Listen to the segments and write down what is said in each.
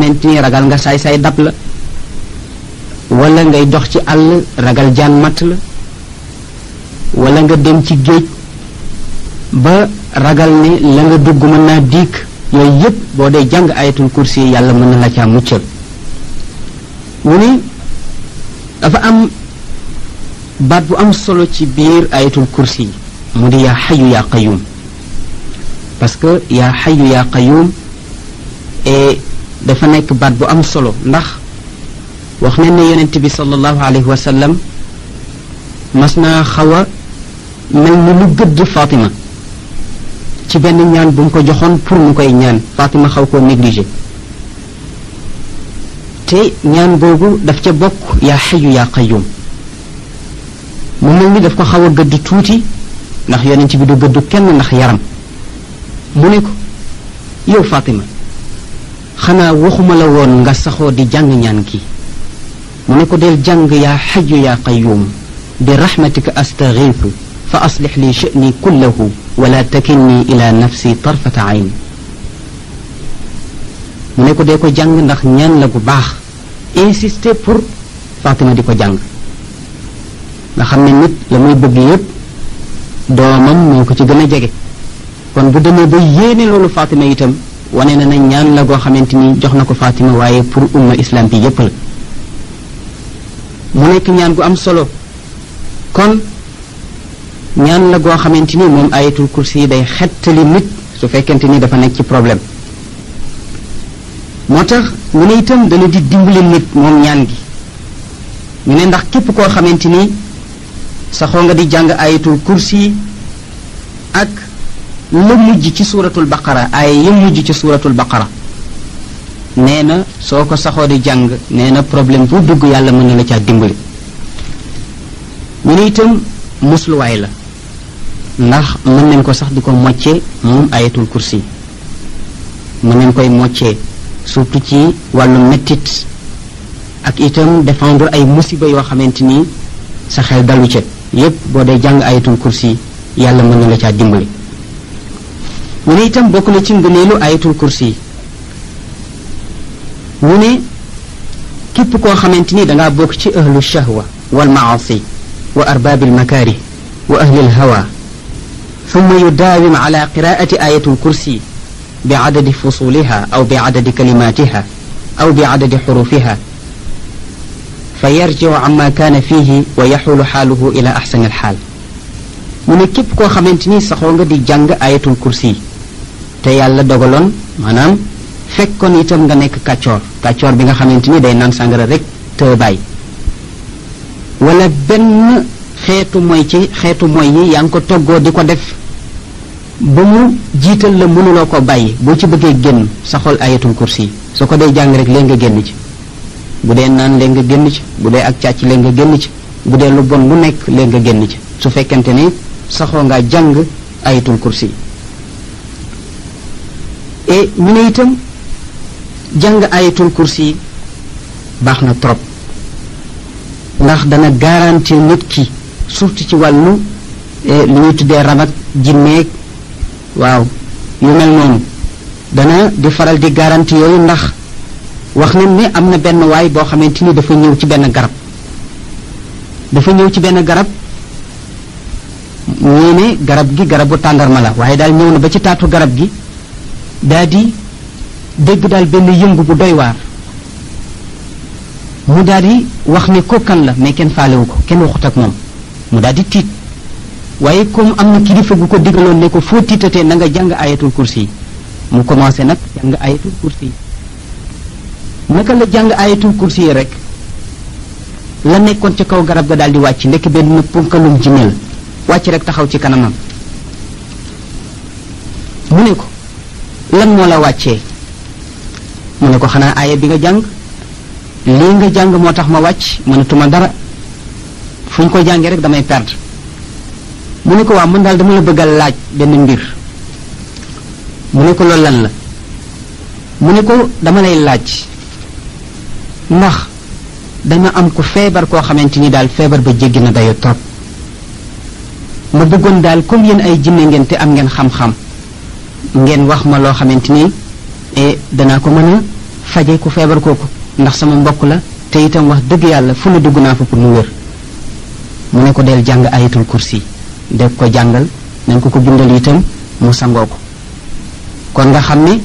xamante ni ragal nga saay-saay dab la wala ngay dox ci àll ragal jaan matt la wala nga dem ci géej ba ragal ne la nga dugg mën naa diig yooyu yépp boo dee jàng ayatul kursi yàlla mën na la caa muccal mu ne dafa am baat bu am solo ci biir ayatul kursi mu di yaa xayu yaa qayum parce yaa xayu yaa qayum et eh, dafa nekk baat bu am solo ndax wax na ne yonent bi sallallahu alayhi wa sallam mas naa xaw a mel ni lu gëdd fatima ci benn ñaan bu mu ko joxoon pour mu koy ñaan fatima xaw koo négligé te ñaan boobu daf ca bokk yaa xayu yaa qayum mu mel ni daf ko xaw a gëdd tuuti ndax yonent bi du gëdd kenn ndax yaram mu ne ko yow fatima xanaa waxuma la woon nga saxoo di jàng ñaan gi mu ne ko del jàng yaa xaju yaa qayuum bi raxmatika astaxiitu fa aslix li sha'ni kullahu wala takinni ila nafsi tarfata ayn mu ne ko dee ko jàng ndax ñaan la gu baax insister pour Fatima di ko jàng nga xam ne nit la muy bëgg yépp doomam moo ko ci gën a jege kon bu demee ba yéene loolu Fatima itam wane na na ñaan la goo xamante ni jox na ko Fatima waaye pour umma islam bi yépp la mu nekk ñaan gu am solo kon ñaan la goo xamante ni moom ayatul kursi yi day xettali nit su fekkente ni dafa nekk ci problème moo tax mu ne itam dana di dimbali nit moom ñaan gi ñu ne ndax képp koo xamante ni saxoo nga di jàng ayatul kursi ak la mujj ci suuratul baqara ay ya mujj ci suuratul baqara nee na soo ko saxoo di jàng nee na problème bu dugg yàlla mën na la caa dimbali ñu ne itam musluwaay la ndax mën nañ ko sax di ko moccee moom ayatul kursi mën nañ koy moccee surtout ci wàllu mettit ak itam défendre ay musiba yoo xamante ni sa xel dalu ca yépp boo dee jàng ayatul kursi yàlla mën na la caa dimbali wuneetan bokulechin بوكلي ayatul kursi wune képp koo xamante ni dangaa bokk ci ahlu shahwa walmaasi wa arbaabi almakaarih wa ahli ثم يداوم على قراءة آية الكرسي بعدد فصولها أو بعدد كلماتها أو بعدد حروفها فيرجع عما كان فيه ويحول حاله إلى أحسن الحال من كيف كو خمنتني سخونغ دي جنگ آية الكرسي te yàlla dogaloon maanaam fekkoon itam nga nekk kàccoor kàccoor bi nga xamante ni day naan sàngara rek te bàyyi wala benn xeetu mooy ci xeetu mooy yi yaa ngi ko toggoo di ko def ba mu jiital la mënuloo ko bàyyi boo ci bëggee génn sa xol ayatul kursi su ko dee jàng rek léegi nga génn ci bu dee naan léegi nga génn ci bu dee ak càcc léegi nga génn ci bu dee lu bon lu nekk léegi nga génn ci su fekkente ni saxoo nga jàng ayatul kursi te ñu ne itam jàng ayatul kursi baax na trop ndax dana garanti nit ki surtout ci wàllu eh, lu ñuy tuddee rabat jinneeg waaw yu mel noonu dana di faral di garanti yooyu ndax wax nañ ne am na benn waay boo xamante ni dafa ñëw ci benn garab dafa ñëw ci benn garab ñii ne garab gi garabu tàndarma la waaye daal ñëw na ba ci taatu garab gi daldi di dégg daal benn yëngu bu doy waar mu daal wax ne ko la mais kenn faalewu ko kenn waxut ak moom mu daal tiit waaye comme am na kilifa gu ko digaloon ne ko foo tiitatee na nga jàng ayatul kursi yi mu commencé nag jàng ayatul kursi yi naka la jàng ayatul kursi yi rek la nekkoon ca kaw garab ga daal di wàcc ndekk benn punkalum jinne la wàcc rek taxaw ci kanamam mu ne ko moo la wàccee mu ne ko xanaa aaya bi nga jàng lii nga jàng moo tax ma wàcc mënatuma dara fu ñu ko jàngee rek damay perdre mu ne ko waaw mën daal dama la bëgg laaj benn mbir mu ne ko loolu lan la mu ne ko dama lay laaj ndax dama am ku feebar koo xamante ni daal feebar ba jeggi na dayo trop ma bëggoon daal comme yéen ay jinne ngeen te am ngeen xam-xam ngeen wax ma loo xamante ni eh, danaa ko mën a faje ku feebar kooku ndax sama mbokk la te itam wax dëgg yàlla fu ne dugg naa fa pour mu wér mu ne ko del jàng ayatul kursi de ko jàngal nañ ko ko bindal itam mu sangoo ko kon nga xam ne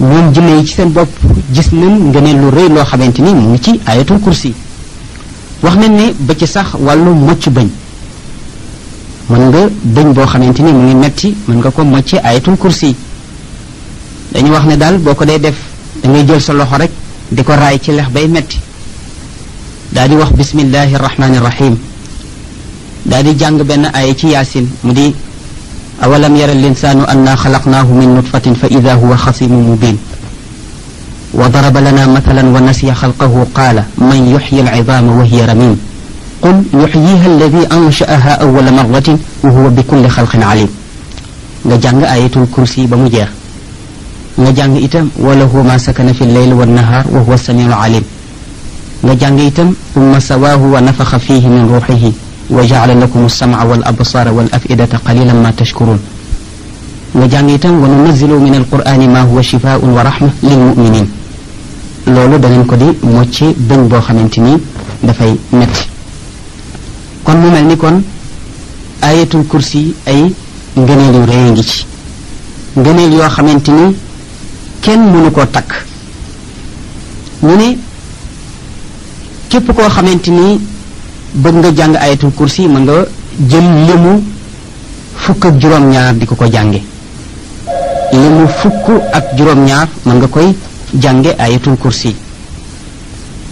ñoom jinne yi ci seen bopp gis nañ ngëneel lu rëy loo xamante ni mu ngi ci ayatul kursi wax nañ ne ba ci sax wàllu mocc bañ man nga dëñ boo xamante ni mu ngi metti mën nga ko mocce ayatul kursi dañu wax ne daal boo ko dee def da ngay jël sa loxo rek di ko raay ci lex bay metti daal di wax bismillahi rahmani rahim daal di jàng benn aaya ci yaasin mu di awalam yara insanu anna xalaqnaahu min nutfatin fa ida huwa xasimu mubin وضرب لنا مثلا ونسي خلقه قال من يحيي العظام وهي رميم قل يحييها الذي أنشأها أول مرة وهو بكل خلق عليم نجانج آية الكرسي بمجيخ نجانج إتم وله ما سكن في الليل والنهار وهو السميع العليم نجانج ايتم ثم سواه ونفخ فيه من روحه وجعل لكم السمع والأبصار والأفئدة قليلا ما تشكرون نجانج ايتم وننزل من القرآن ما هو شفاء ورحمة للمؤمنين لولو دنين كدي موشي بن بوخمنتني دفاي متر kon mu mel ni kon ayatul kursi ay ngëneel yu rëy ngi ci ngëneel yoo xamante ni kenn mënu koo takk ñu ne képp koo xamante ni bëgg nga jàng ayatul kursi mën nga jël limu fukk ak juróom-ñaar di ko ko jànge limu fukk ak juróom-ñaar mën nga koy jànge ayatul kursi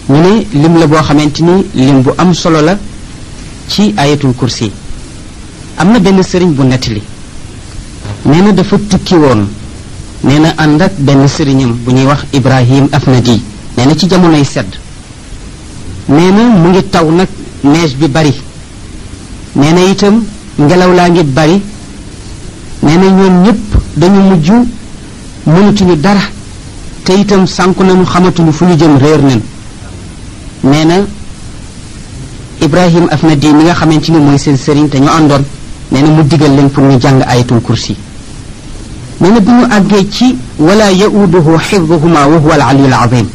ñu ne lim la boo xamante ni lim bu am solo la ci ayatul kursi am na benn sëriñ bu nettali nee dafa tukki woon nee na ànd ak benn sëriñam bu ñuy wax Ibrahim Afnadi nee na ci jamonoy sedd nee na mu ngi taw nag neige bi bari nee na itam ngelaw laa ngi bari nee na ñoom ñëpp dañu mujj mënatuñu dara te itam sànku nañu xamatuñu fu ñu jëm réer nañ nee Ibrahim di mi nga xamante ni mooy seen sëriñ ñu àndoon nee na mu digal leen pour ñu jàng ayatul kursi nee na bi ñu àggee ci wala yauduhu xifduhuma wa huwa al aliyul azim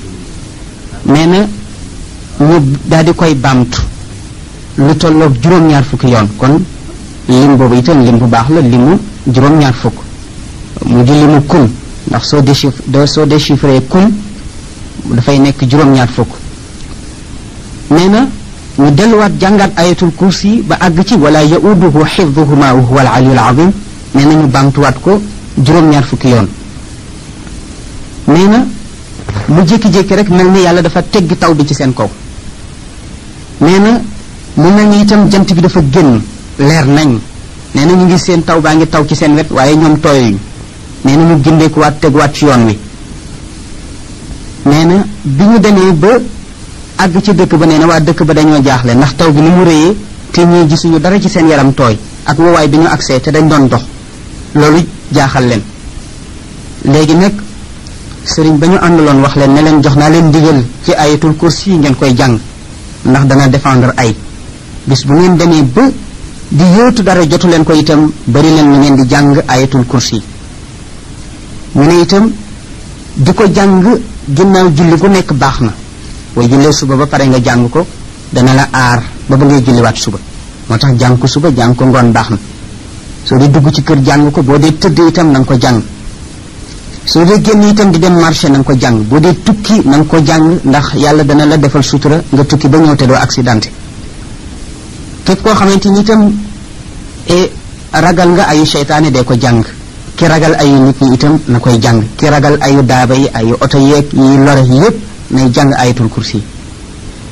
nee na ñu daal di koy baamtu lu tolloog juróom-ñaar fukki yoon kon lim boobu itam lim bu baax la limu juróom-ñaar fukk mu di limu kun ndax soo déchiffré soo déchiffré kun dafay nekk juróom-ñaar fukk nee ñu delluwaat jàngaat ayatul kursi ba àgg ci wala yauduhu xifduhuma wa huwa al aliyul azim nee na ñu baamtuwaat ko juróom-ñaar fukki yoon nee na mu jékki-jékki rek mel ni yàlla dafa tegg taw bi ci seen kaw nee na mu mel ni itam jant bi dafa génn leer nañ nee na ñu ngi seen taw baa ngi taw ci seen wet waaye ñoom tooyuñ nee na mu gindeekuwaat teguwaat ci yoon wi nee na bi ñu demee ba àgg ci dëkk ba nee na waa dëkk ba dañoo jaaxle ndax taw bi ni mu rëyee te ñii gisuñu dara ci seen yaram tooy ak wawaay bi ñu agsee te dañ doon dox loolu jaaxal leen léegi nag sëriñ ba ñu àndaloon wax leen ne leen jox naa leen ndigal ci ayatul kursi yi ngeen koy jàng ndax dana défendre ay bis bu ngeen demee ba di yóotu dara jotu leen ko itam bari leen ngeen di jàng ayatul kursi ñu ne itam di ko jàng ginnaaw julli gu nekk baax na booy jullee suba ba pare nga jàng ko dana la aar ba ba ngay julliwaat suba moo tax jàng ko suba jàng ko ngoon baax na soo dee dugg ci kër jàng ko boo dee tëdd itam na ko jàng soo dee génn itam di dem marché na ko jàng boo dee tukki na nga ko jàng ndax yàlla dana la defal sutura nga tukki ba ñëw te doo accidenté képp koo xamante ni itam e, ragal nga ayu seytaane dee ko jàng ki ragal ayu nit ñi itam na koy jàng ki ragal ayu daaba yi ayu oto yeeg yi lore yépp nay jàng ayatul kursi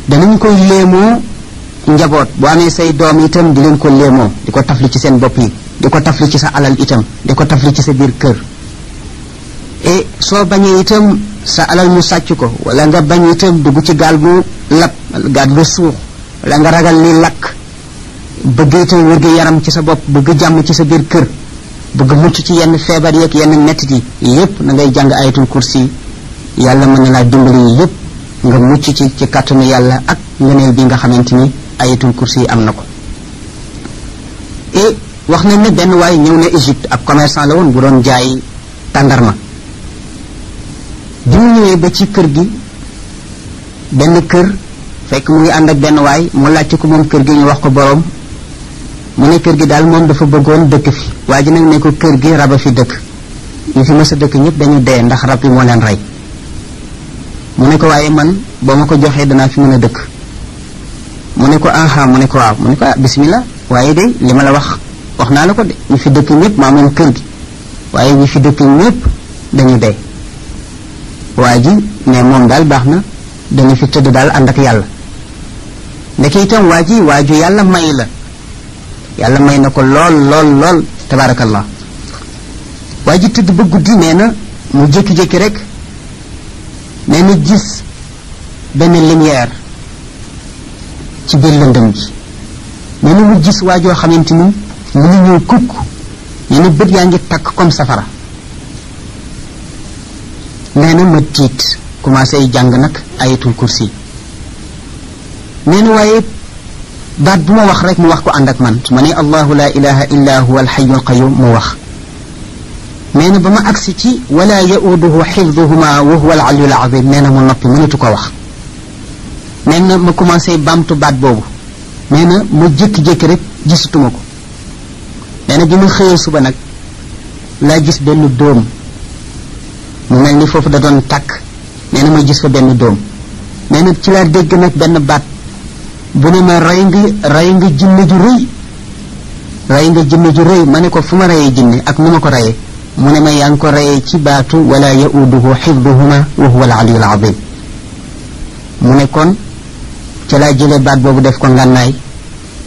danañ koy léemoo njaboot bu amee say doom itam di leen ko léemoo di ko tafli ci seen bopp yi di ko tafli ci sa alal itam di ko tafli ci sa biir kër e soo bañee itam sa alal mu sàcc ko wala nga bañ itam dugg ci gaal gu lab gaal gu suux wala nga ragal ni lakk bëgg itam wér gi yaram ci sa bopp bëgg jàmm ci sa biir kër bëgg mucc ci yenn feebar yeeg yenn mettit yi yépp na ngay jàng ayatul kursi yàlla mën na naa dimbali yëpp nga mucc ci ci kàttanu yàlla ak ngëneel bi nga xamante ni ayatul kursi yi am na ko wax nañ ne benn waaye ñëw ne Égypte ak commerçant la woon bu doon jaay tàndarma bi mu ñëwee ba ci kër gi benn kër fekk mu ngi ànd ak benn waay mu laajte ko moom kër gi ñu wax ko boroom mu ne kër gi daal moom dafa bëggoon dëkk fi waa ji nag ne ko kër gi raba fi dëkk ñu fi mës a dëkk ñëpp dañu dee ndax rab yi moo leen rey mu ne ko waaye man boo ma ko joxee danaa fi mën a dëkk mu ne ko aha mu ne ko waaw mu ne ko ah bismillah waaye de li ma la wax wax naa la ko de ñu fi dëkk ñëpp maa moom kër gi waaye ñu fi dëkk ñëpp dañu dee waa ji ne moom daal baax na dañu fi tëdd daal ànd ak yàlla ndeke itam waa ji waa ju yàlla may la yàlla may na ko lool lool lool tabaarakallah waa ji tëdd ba guddi nee na mu jékki-jékki rek nee na gis benn lumière ci biir lëndëm ji nee na mu gis waa joo xamante ni mu ngi ñëw kukk nee na bët yaa ngi takk comme safara nee na ma tiit commencé jàng nag ayatul kursi nee na waaye baat bu ma wax rek mu wax ko ànd ak man su ma nee allahu la ilaha illa huwa alxayu alqayum mu wax nee na ba ma agsi ci wala yauduhu xifduhuma wa huwa al aliyul azim nee na mu noppi mënatu ko wax nee ma commencé bamtu baat boobu nee na ma jékki-jékki rek gisatuma ko nee bi ma xëyee suba nag laa gis benn dóom mu mel foofu da doon tàkk na ma gis fa benn dóom nee ci laa dégg nag benn baat bu ne ma rey nga rey nga jinne ju rëy rey nga jinne ju rëy ma ne ko fu ma reyee jinne ak nu ma ko reyee mu ne ma yaa ngi ko reyee ci baatu wala yauduhu xifduhuma wa huwa al aliyu al azim mu ne kon ca laa jëlee baat boobu def ko ngànnaay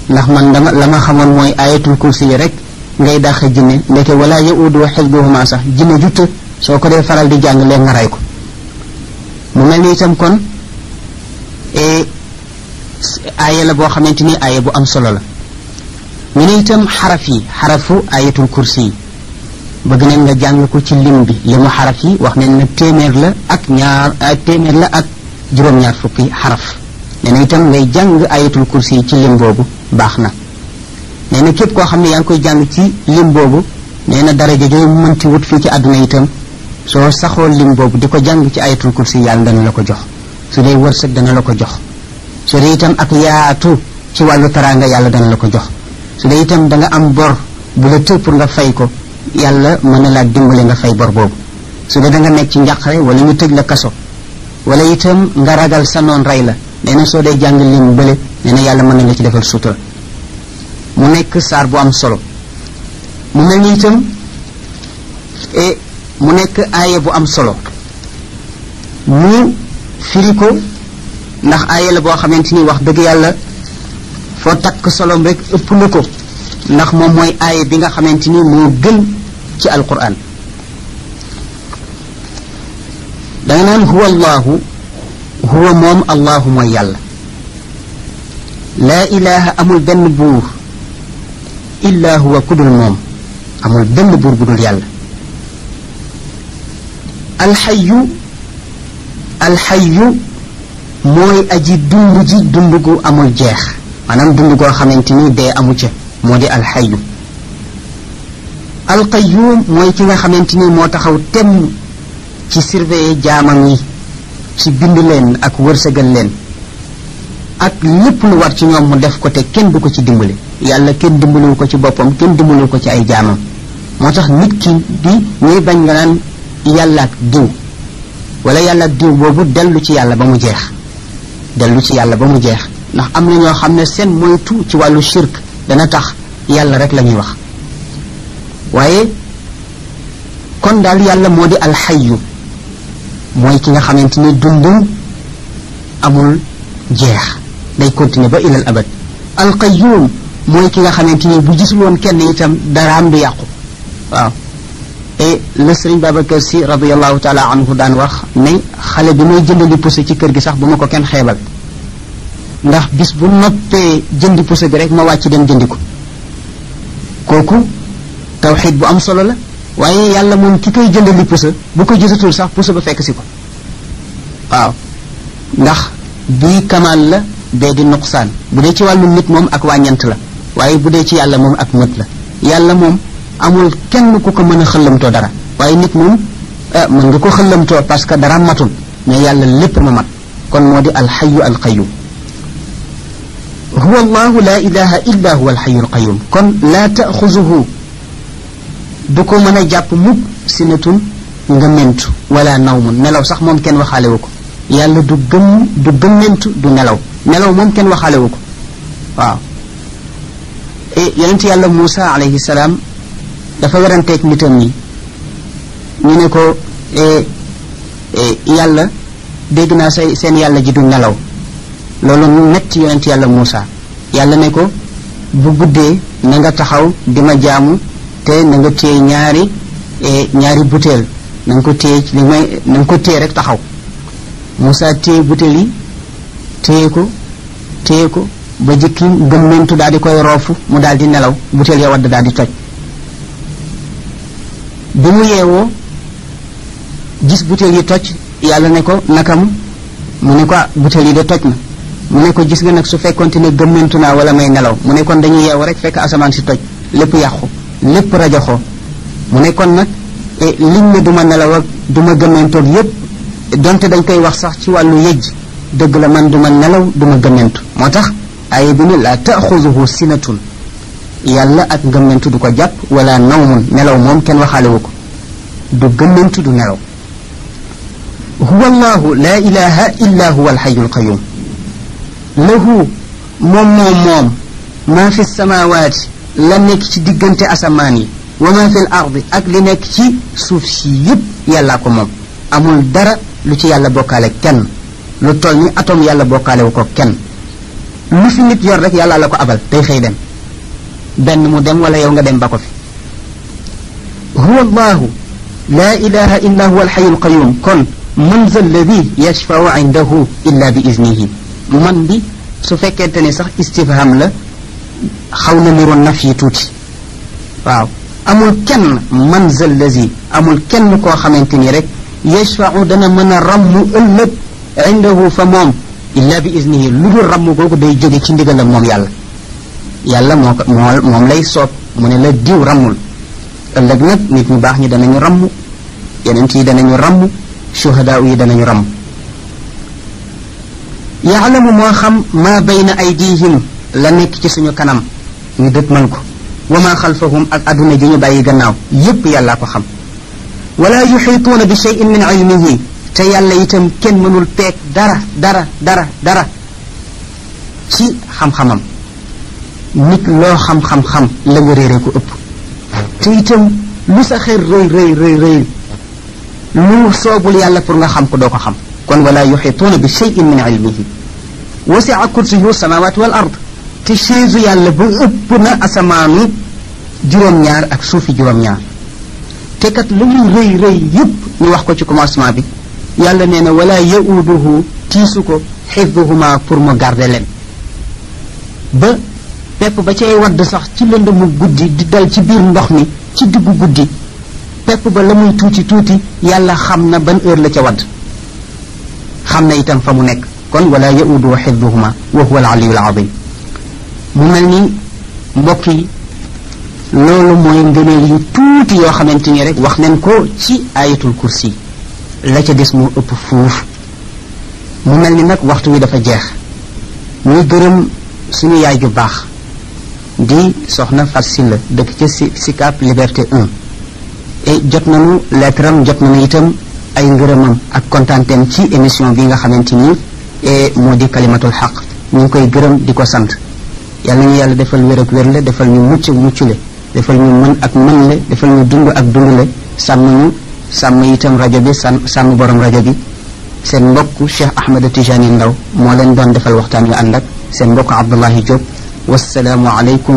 ndax man dama la ma xamoon mooy ayatul kursi yi rek ngay dàq jinne ndeke wala yauduhu xifduhuma sax jinne jutta soo ko dee faral di jàng leen nga rey ko mu mel ni itam kon e, aaya la boo xamante ni aaya bu am solo la ñu ne itam xaraf yi xarafu ayatul kursi yi bëgg nañ nga jàng ko ci lim bi limu xaraf yi wax nañ ne téeméer la ak ñaar euh, téeméer la ak juróom-ñaar fukki xaraf nee na itam ngay jàng ayatul kursi yi ci lim boobu baax na nee na képp koo xam ne yaa ngi koy jàng ci lim boobu nee na daraja joo mënti wut fii ci àdduna itam soo saxoo lim boobu di ko jàng ci ayatul kursi yàlla dana la ko jox su dee wërsëg dana la ko jox su itam ak yaatu ci wàllu taraanga yàlla dana la ko jox su dee itam da nga am bor bu la tëb pour nga fay ko yàlla mën na laa dimbale nga fay bor boobu su dee da nga nekk ci njàqare wala ñu tëj la kaso wala itam nga ragal sa noon rey la nee na soo dee jàng lim bële nee na yàlla mën na la ci defal sutura mu nekk saar bu am solo mu mel ni e, mu nekk aaye bu am solo mu firi ko ndax aaye la boo xamante ni wax dëgg yàlla foo takk solom rek ëpp na ko ndax moom mooy aaye bi nga xamante ni moo gën ci alquran da nga naan huwa allahu huwa moom allahu mooy yàlla laa ilaha amul benn buur illa huwa kudul moom amul benn buur bu dul yàlla alxayu alxayu mooy aji dund ji dund gu amul jeex maanaam dund goo xamante ni dee amu ca moo di alxayu alqayyuum mooy ki nga xamante ni moo taxaw temm ci sirve jaamam yi ci bind leen ak wërsëgal leen ak lépp lu war ci ñoom mu def ko te kenn du ko ci dimbali yàlla kenn dimbaliwu ko ci boppam kenn dimbaliwu ko ci ay jaamam moo tax nit ki di ñuy bañ nga naan yàlla ak diw wala yàlla ak diw boobu dellu ci yàlla ba mu jeex dellu ci yàlla ba mu jeex ndax am na ñoo xam ne seen moytu ci wàllu shirk dana tax yàlla rek lañuy wax waaye kon daal yàlla moo di alxayu mooy ki nga xamante ni dundum amul jeex day continuer ba ilal abad alqayuum mooy ki nga xamante ni bu gisul woon kenn itam daraam du yàqu waaw et le sëriñ Babacar si radiallahu taala anhu daan wax ne xale bi may jëndali pousse ci kër gi sax bu ma ko kenn xeebal ndax bis bu noppee jëndi pousse bi rek ma wàcc dem jëndi ko kooku tawhid bu am solo la waaye yàlla moom ki koy jënd li pousse bu ko gisatul sax pousse ba fekk si ko waaw ndax bii kamaal la bee di nuqsaan bu dee ci wàllu nit moom ak wàññant la waaye bu dee ci yàlla moom ak mët la yàlla moom amul kenn ku ko mën a xëllamtoo dara waaye nit moom mën nga ko xëllamtoo parce que dara matul mais yàlla lépp ma mat kon moo di alxayu alqayum هو الله لا إله إلا هو الحي القيوم كن لا تأخذه du ko mën a jàpp mukk sinatun nga mentu naw nawmun nelaw sax moom kenn waxaale wu ko yàlla du gëm du gëmmentu du nelaw nelaw moom kenn waxaale wu ko waaw e yonent yàlla Muusa alayhi salaam dafa weranteeg nitam ñi ñu ne ko e, e, yàlla dégg naa say seen yàlla ji du nelaw loolu mu metti yonent yàlla Muusa yàlla ne ko bu guddee na taxaw di ma jaamu te na nga téye ñaari e, ñaari butéel na ko téye ci li may na ko téye rek taxaw Moussa téye butéel yi téye ko téye ko ba jikki gëmmentu daal di koy roofu mu daal di nelaw butéel ya wadd daal di toj bi mu yeewoo gis butéel yi toj yàlla ne ko nakam mu ne ko ah, butéel yi de toj na mu ne ko gis nga nag su fekkonte ne gëmmentu naa wala may nelaw mu ne kon dañuy yeewu rek fekk asamaan si toj lépp yàqu lépp rajoxo mu ne kon nag liñ ne duma nelaw ak duma gëmmentoog yépp donte dañ koy wax sax ci wàllu yëj dëgg la man duma nelaw duma gëmmentu moo tax aye bi ne laa taaxuduhu sinatun yàlla ak gëmmentu du ko jàpp wala nawmun nelaw moom kenn waxaalewu ko du gëmmentu du nelaw huwa allahu la ilaha illa huwa alhayu alqayum lahu moom moom moom ma fi samawati la nekk ci diggante asamaan yi wa ma fi l ardi ak li nekk ci suuf si yépp yàllaa ko moom amul dara lu ci yàlla bokkaale kenn lu toll ni atom yàlla bokkaale wu ko kenn lu fi nit yor rek yàlla la ko abal day xëy dem benn mu dem wala yow nga dem ba ko fi huwa allahu la ilaha illa huwa alxayu alqayum kon man za alladi yashfau indahu illa bi iznihi man bi su fekkente ne sax istifham la xaw na niroon na fii tuuti waaw amul kenn man za lazi amul kenn koo xamante ni rek yashfau dana mën a rammu ëllëg indahu fa moom illa bi isnihi lu dul ramm googu day jóge ci ndigalam moom yàlla yàlla moo ko moo moom lay soob mu ne la diw rammul ëllëg nag nit ñu baax ñi danañu ramm yeneen yi danañu ramm shuhadaa yi danañu ramm yaalamu moo xam maa bayna aydihim la nekk ci suñu kanam ñu dëtmal ko wa ma xalfahum ak aduna ji ñu bàyyi gannaaw yépp yàlla ko xam wala yuxiituuna bi shay'in min ilmihi te yàlla itam kenn mënul peeg dara dara dara dara ci xam-xamam nit loo xam-xam-xam la nga réere ko ëpp te itam lu sa xër rëy rëy rëy rëy lu soobul yàlla pour nga xam ko doo ko xam kon wala yuxiituuna bi shay'in min ilmihi wasi'a kursiyuhu samawat wal ard te chaise yàlla ba ëpp na asamaanu juróom-ñaar ak suufi juróom-ñaar te kat lu muy rëy rëy yëpp ñu wax ko ci commencement bi yàlla nee na walaa yauduhu tiisu ko xifduhuma pour mu garder leen ba pepp ba cay wadd sax ci lënd mu guddi di dal ci biir ndox mi ci diggu guddi pepp ba la muy tuuti tuuti yàlla xam na ban heure la ca wadd xam na itam fa mu nekk kon walaa yauduhu xifduhuma wa huwa al aliyul azim mu mel ni mbokk yi loolu mooy ngëneel yu tuuti yoo xamante ni rek wax nañ ko ci ayatul kursi la ca des moo ëpp fuuf mu mel ni nag waxtu wi dafa jeex ñuy gërëm suñu yaay ju baax di soxna Fatou Sylla dëkk ca Sicap Liberté 1 et jot na lettre am jot na itam ay ngërëmam ak kontaanteem ci émission bi nga xamante ni e moo di kalimatul xaq ñu ngi koy gërëm di ko sant yàlla ñu yàlla defal wér ak wér la defal ñu mucc ak mucc la defal ñu mën ak mën la defal ñu dund ak dund la sàmm ñu sàmm itam rajo bi sàmm borom rajo bi seen mbokk cheikh ahmed tijani ndaw moo leen doon defal waxtaan wi ànd ak seen mbokk abdullahi diop wassalaamu aleykum